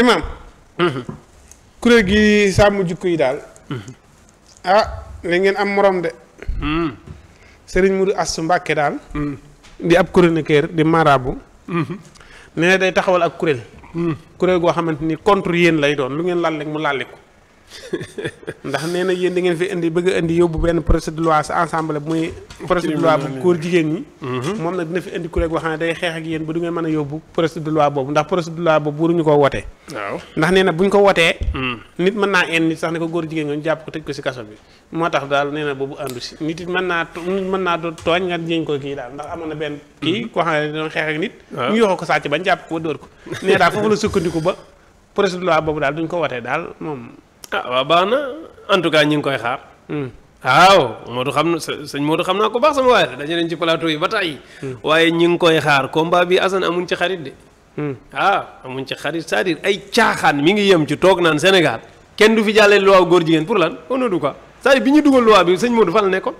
imaam kuréel gi sàmm jikko yi daal ah li ngeen am morom de sëriñ du astu Mbacke daal di ab chroniqueur di marabu mm-hmm. nee day taxawal ak kuréel mm-hmm. kuréel goo xamante ni contre yéen lay doon lu ngeen lal rek mu làlliku ndax nee na yéen da ngeen fi indi bëgg a indi yóbbu benn projet de loi sa ensemble muy projet de loi bu góor jigéen ñi mhm. moom nag dina fi indi kuréel goo xam ne day xeex ak yéen du ngeen mën a yóbbu projet de loi boobu ndax projet de loi boobu waruñu mhm. nit mën naa en nit sax ne ko góor jigéen nga ñu jàpp ko si moo tax daal nee na boobu àndu si nit it mën naa nit mën naa doon tooñ nga jéñ ko kii daal ndax amoon na benn kii mhm. koo xam ne nit ñu yoxoo ko sàcc bañ jàpp ko ba dóor ko nee daal foofu la sukkandiku ba projet de loi boobu daal duñ ah waaw baax na en tout cas ñu ngi koy xaar. moo hmm. Modou xam na sëñ Modou xam naa ko baax sama waaye la dañu leen yi ba tàyyi. Hmm. waaye ñu ngi koy xaar combat bi Assane amuñ ci xarit de. Hmm. Ah, amuñ ci xarit cest à ay caaxaan mi ngi yem ci toog naan Sénégal kenn du fi jàllale loi góor jigéen pour lan on ne du quoi bi ñu dugal loi bi sëñ Modou fan la nekkoon.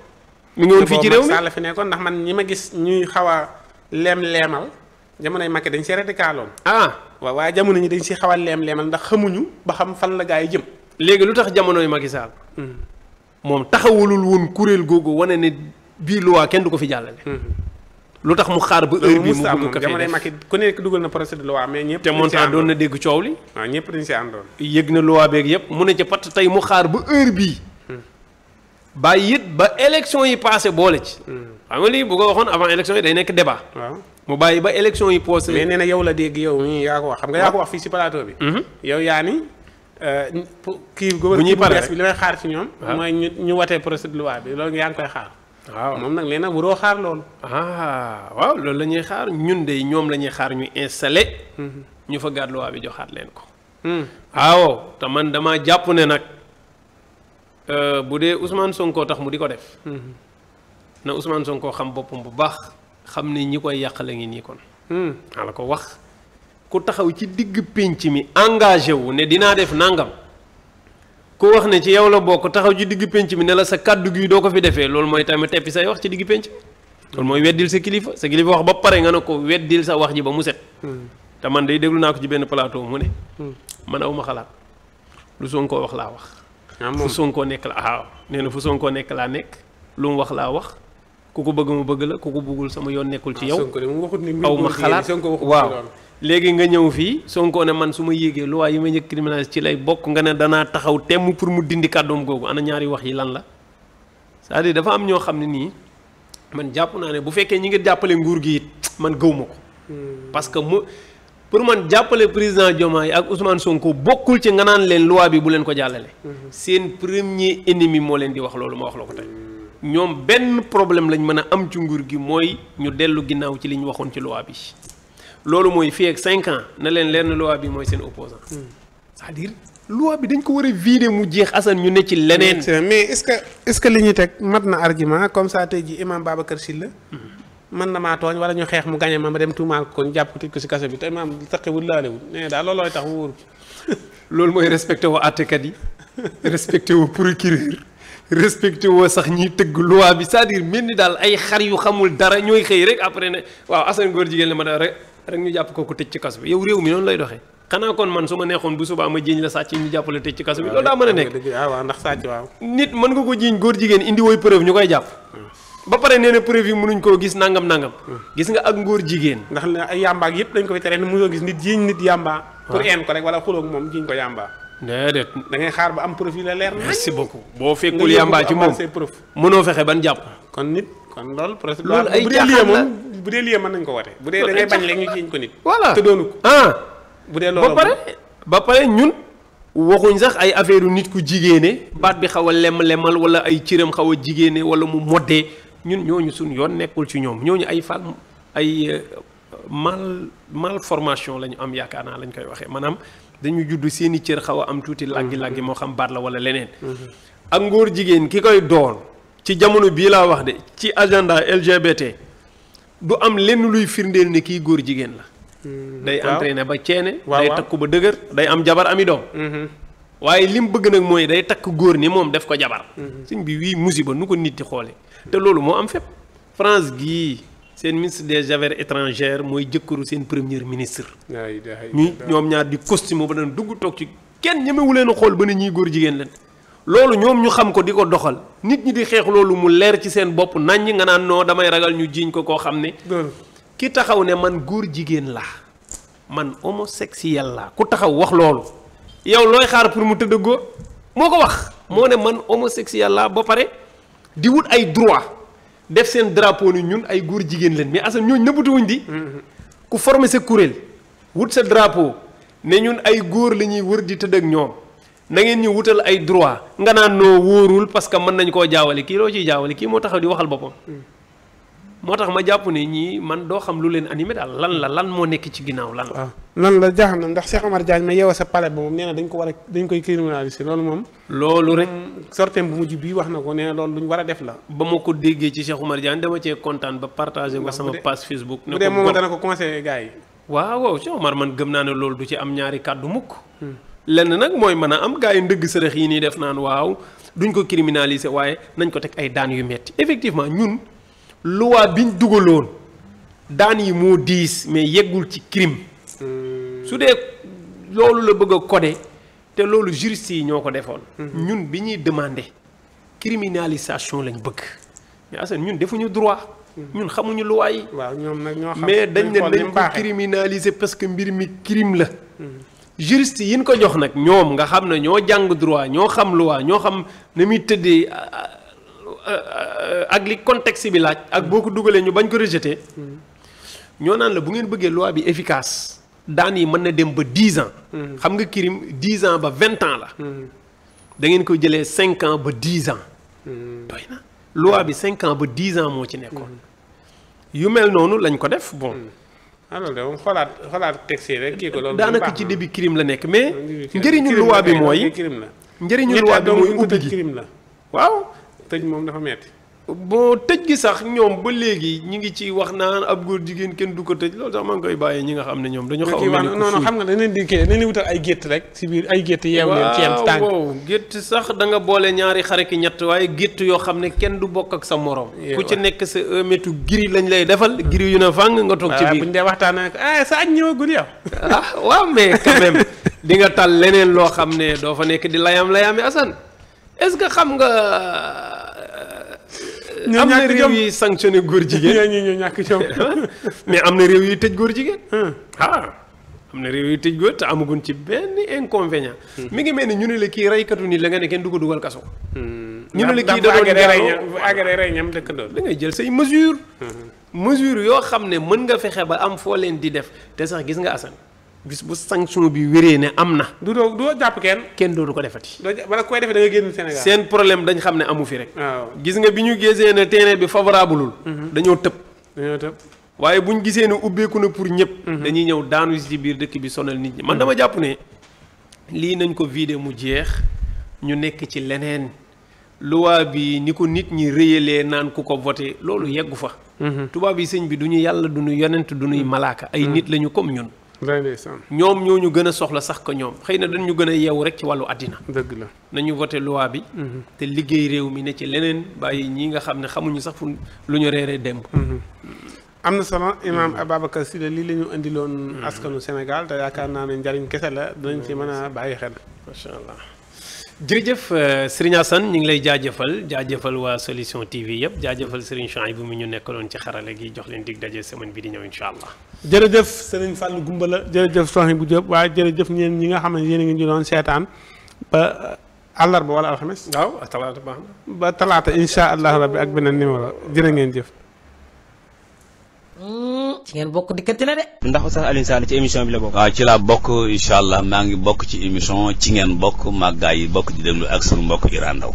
mi ngi fii ci réew mi la fi nekkoon ndax man ñi ma gis ñuy xaw a leem leemal jamonoy Macky dañ see radicaloon. ah waaw waaye jamono ñi dañ si xaw a leem leemal ndax xamuñu ba xam fan la gaa yi jëm léegi lu tax jamonoy Macky Sall hmm. moom taxawalul woon kuréel googu wane ne bii loi kenn du ko fi jàllale. Hmm. lu tax mu xaar ba heure bi mu ku nekk dugal na procédure mais ñëpp moom sax doon na dégg coow li. waaw ah, ñëpp dañ si na loi beeg yëpp mu ne ca pat tey mu xaar ba heure bi hmm. bàyyi it ba élection yi passé boole ci. xam nga lii bu ko waxoon avant élection yi day nekk débat. waaw mu bàyyi ba élection yi posé. mais nee na yow la dégg yow mii yaa ko wax xam nga yaa ko ah. wax fii si plateau bi. Mhm. yow yaa ni. Euh, kii gouvernement bu bees bi li xaar ci ñoom. Ah. mooy ñu ñu watee projet loi bi loolu yaa ngi koy xaar. waaw moom nag léegi nag waroo xaar loolu. ah waaw loolu la ñuy xaar ñun de ñoom la ñuy xaar ñu installé. Mm-hmm. ñu fa gàddu loi bi joxaat leen ko. Mm. waaw te man damaa jàpp ne nag euh, bu dee Ousmane Sonko tax mu di ko def. Mm-hmm. na usmaan sonkoo xam boppam bu baax xam ni ñi koy yàq la ngi nii kon. maa mm. la ko wax. ku taxaw ci digg pénc mi engagé wu ne dinaa def nangam ku wax ne ci yow la bokk taxaw ci diggu pénc mi ne la sa kàddu gi doo ko fi defee loolu mooy tamit teppi say wax ci diggu pénc mi loolu mooy weddil sa kilifa sa kilifa wax ba pare nga ne ko weddil sa wax ji ba mu set hmm. te man day déglu naa ko ci benn palaatoo mu ne hmm. man awma xalaat lu Sonko wax laa wax ah, fu Sonko nekk la waaw nee na fu Sonko nekk laa nekk lu mu wax laa wax ku ko bëgg mu bëgg la ku ko bëggul sama yoon nekkul ci ah, yow aw ma xalaat waaw léegi nga ñëw fii Sonko ne man su ma yéegee luwaay yi ma njëkk criminalise ci lay bokk nga ne danaa taxaw temm pour mu dindi kàddoom googu ana ñaari wax yi lan la cest à dafa am ñoo xam ne nii man jàpp naa ne bu fekkee ñi ngi jàppale nguur gi it man gëw ma ko hmm. parce que mu pour man jàppale président yi ak Ousmane Sonko bokkul ci nga naan leen luwaa bi bu leen ko jàllale hmm. seen premier ennemi moo leen di wax loolu ma wax la ko ñoom benn problème lañ mën a am ci nguur gi mooy ñu dellu ginnaaw ci li ñu waxoon ci loi bi loolu mooy fii ak cinq ans na leen lenn loi bi mooy seen opposant hmm. c'est-à-dire loi dañ ko war a vider mu jeex Assane ñu ne ci leneen. mais est-ce que est que li ñuy teg mat na argument comme ça tey jii imam Babacar Sylla man hmm. na maa tooñ wala ñu xeex mu gañe ma ma dem tuumaal ko ñu jàpp ko tëj ko si kaso bi te imam taqewul laalewul nee daal loolooy tax wóoru loolu mooy respecté wu àttekat yi respecté wu procureur respecté woo sax ñi tëgg loi bi cest à mel ni daal ay xar yu xamul dara ñooy xëy rek après ne waaw Assane góor jigéen la ma daal rek rek ñu jàpp kooku tëj ci kaso bi yow réew mi lay doxee xanaa kon man su ma neexoon bu subaa la sàcc jàppale tëj ci kaso bi loolu daa mën a nekk waaw ndax sàcc waaw nit mën nga ko jiiñ góor jigéen indi wooy preuve ñu koy jàpp ba pare nee na preuve yi mënuñ koo gis nangam nangam gis nga ak ngóor jigéen ndax ay yàmbaak yëpp dañ ko fi tere ni mënoo gis nit jiiñ nit yàmbaa pour en ko rek wala xulóog moom jiiñ ko yàmbaa déedéet da ngay xaar ba am profil la leer na. merci beaucoup boo fekkul yàmbaa ci moom mënoo fexe ban jàpp. kon nit kon loolu presque. loolu ay jaaxal la bu dee lii mën ko wate. bu dee da ngay bañ léegi ñu jiñ ko nit. voilà te doonu ko. Ah. bu dee loolu ba pare ba pare ñun. waxuñ sax ay affaire yu nit ku jigéene baat bi xaw a lem lemal wala ay ciram xaw a jigéene wala mu moddee ñun ñooñu suñu yoon nekkul ci ñoom ñooñu ay fal ay euh, mal malformation formation lañu am yaakaar naa lañ koy waxee maanaam. dañu juddu seeni i cër xaw a am tuuti mm-hmm. làggi-làggi moo xam baat la wala leneen mm-hmm. ak ngóor jigéen ki koy doon ci jamono bii laa wax de ci agenda LGBT du am lenn luy firndeel ne kii góor jigéen la mm-hmm. day entraîné ba ceene day takku ba dëgër day am jabar ami doom waaye li bëgg nag mooy day takk góor ni moom def ko jabar suñ bi wii musiba nu ko nit di xoole te loolu moo am fépp France gii seen ministre des affaires étrangères mooy jëkkëru seen premier ministre. ñu ñoom ñaar di costume ba doon dugg toog ci kenn ñemewu leen xool ba ne ñii góor jigéen leen loolu ñoom ñu xam ko di ko doxal nit ñi di xeex loolu mu leer ci seen bopp nañ ñi nga naan noo damay ragal ñu jiiñ ko koo xam ne. ki taxaw ne man góor jigéen la man homosexuel laa ku taxaw wax loolu yow looy xaar pour mu tëdd góor moo ko wax moo ne man homosexuel laa ba pare di wut ay droit def seen drapeau ni ñun ay góor jigéen leen mais Assane ñooñu nëbbatuwuñ di. ku forme sa kuréel wut sa drapeau ne ñun ay góor la ñuy wër di tëdd ak ñoom na ngeen ñu wutal ay droit nga naan noo wóorul parce que mën nañ koo jaawale kii loo ciy jaawale kii moo tax di waxal boppam. moo tax ma jàpp ne ñii man doo xam lu leen animé daal lan la lan moo nekk ci ginnaaw lan la. Ah, lan la jaaxal ndax Cheikh Omar Diagne ma yeewoo sa pale ba moom nee na dañ ko war a dañ koy criminaliser loolu moom. loolu rek bu mujj bii wax na ko nee na loolu luñ war a def la. ba ma ko déggee ci Cheikh Omar Diagne dama cee kontaan ba partagé ko sama page Facebook. ne moom dana ko conseillé gars yi. waaw waaw man gëm naa ne loolu du ci am ñaari kàddu mukk. Hmm. lenn nag mooy mën a am gars yi ndëgg sërëx yi nii def naan waaw duñ ko criminaliser waaye nañ ko teg ay daan yu metti effectivement ñun loi biñ dugaloon daan yi moo diis mais yeggul ci crime hmm. su dee loolu la bëgg a codé te loolu juriste yi ñoo ko defoon hmm. ñun bi ñuy demandé criminalisation lañ bëgg mais Assane ñun defuñu droit hmm. ñun xamuñu loi yi waaw ñoom nag ñoo xam mais dañ dañ ko criminaliser parce que mbir mi crime la juriste yi ñu ko jox nag ñoom nga xam ne ñoo jàng droit ñoo xam loi ñoo xam na muy tëddee Euh, euh, ak li contexte bi laaj ak boo ko dugalee ñu bañ ko rejeté mm. ñoo naan la bu ngeen bëggee loi bi efficace daan yi mën na dem ba dix ans mm. xam nga crime dix ans ba vingt ans la mm. da ngeen ko jëlee cinq ans ba dix ans doy na loi bi cinq ans ba dix ans moo ci nekkoon yu mel noonu lañ ko def bon alors ah de moom xoolaat xoolaat texte rek kii ko loolu daanaka ci début crime la nekk mais njëriñu loi bi mooy njëriñu loi bi mooy ubbi gi waaw tëj moom dafa metti boo tëj gi sax ñoom ba léegi ñu ngi ci wax naan ab góor jigéen kenn du ko tëj loolu sax maa ngi koy bàyyee ñi nga xam ne ñoom dañu xaw a non non xam nga dañ leen di kii dañ leen wutal ay gétt rek si biir ay gétt yeew leen ci am tànk waaw gétt sax da nga boole ñaari xare ki ñett waaye gétt yoo xam ne kenn du bokk ak sa moroom ku ci nekk sa métu giri lañ lay defal giri yu ne fàng nga toog ci biir bu ñu dee waxtaan nag ah sa añ ah, di nga tal leneen loo xam ne doo fa nekk di layam-layaami Assane est-ce que am na réew yi sanctionné góor jigéen ñoo ñàkk jom mais am na réew yi tëj góor jigéen ah am na réew yi tëj góor te amaguñ ci benn inconvénient hmm. mi ngi mel ni ñu ne la kii reykatu nii la nga ne kenn du ko dugal kaso hmm. ñu ne la kii da doon agare rey ñam dëkkandoo da ngay jël say mesure mesure yoo xam ne mën nga fexe ba am foo leen di def te sax gis nga Assane bis bu sanction bi wéree ne am na. du doo doo jàpp kenn. kenn dootu ko defati. doo wala koy defee da nga génn Sénégal. seen problème dañ xam ne amu fi rek. gis nga bi ñu gisee ne terrain bi favorableul mhm. dañoo tëb. dañoo waaye bu ñu gisee ne ubbeeku na pour ñëpp. Mhm. dañuy ñëw daanu si biir dëkk bi sonal nit ñi man dama mhm. jàpp ne. lii nañ ko vidé mu jeex ñu nekk ci leneen. luwaa bi ni ko nit ñi réyalee naan ku ko voté loolu yeggu fa. tubaab yi sëñ bi du ñu yàlla du ñu yonent du ñuy malaaka. ay nit lañu comme ñoom ñoo ñu gën a soxla sax ko ñoom xëy na dañu gën a yeewu rek ci wàllu àddina dëgg la nañu voté luwaa bi mhm. te liggéey réew mi ne ci leneen bàyyi ñi nga xam ne xamuñu sax fu lu ñu reeree démb mhm. mm. am na solo imaam mm. Ababacar Sylla lii la ñu indiloon mm. askanu Sénégal te yaakaar naa ne njariñ kese la dinañ ci mën a bàyyi xel macha allah jërëjëf euh, Serigne Assane ñu ngi lay jaajëfal jaajëfal waa Solution TV yëpp jaajëfal Serigne Chouaïbou mi ñu nekkaloon ci xarale gi jox leen dig daje semaine bi di ñëw jërëjëf sëriñ Fallou Gumbala jërëjëf soxna bu Diop waaye jërëjëf ñeen ñi nga xam ne yéen a ngi seetaan ba uh, àllarba wala alxames. ba talaata incha allah rabbi ak beneen numéro jërë ngeen jëf. Hmm, ci ngeen bokk dikkati la de. ndax sax Alioune Sall ci émission bi la bokk. waaw ci laa bokk incha allah maa ngi bokk ci émission ci ngeen bokk màggaay yi bokk di déglu ak suñu mbokk Iran Ndaw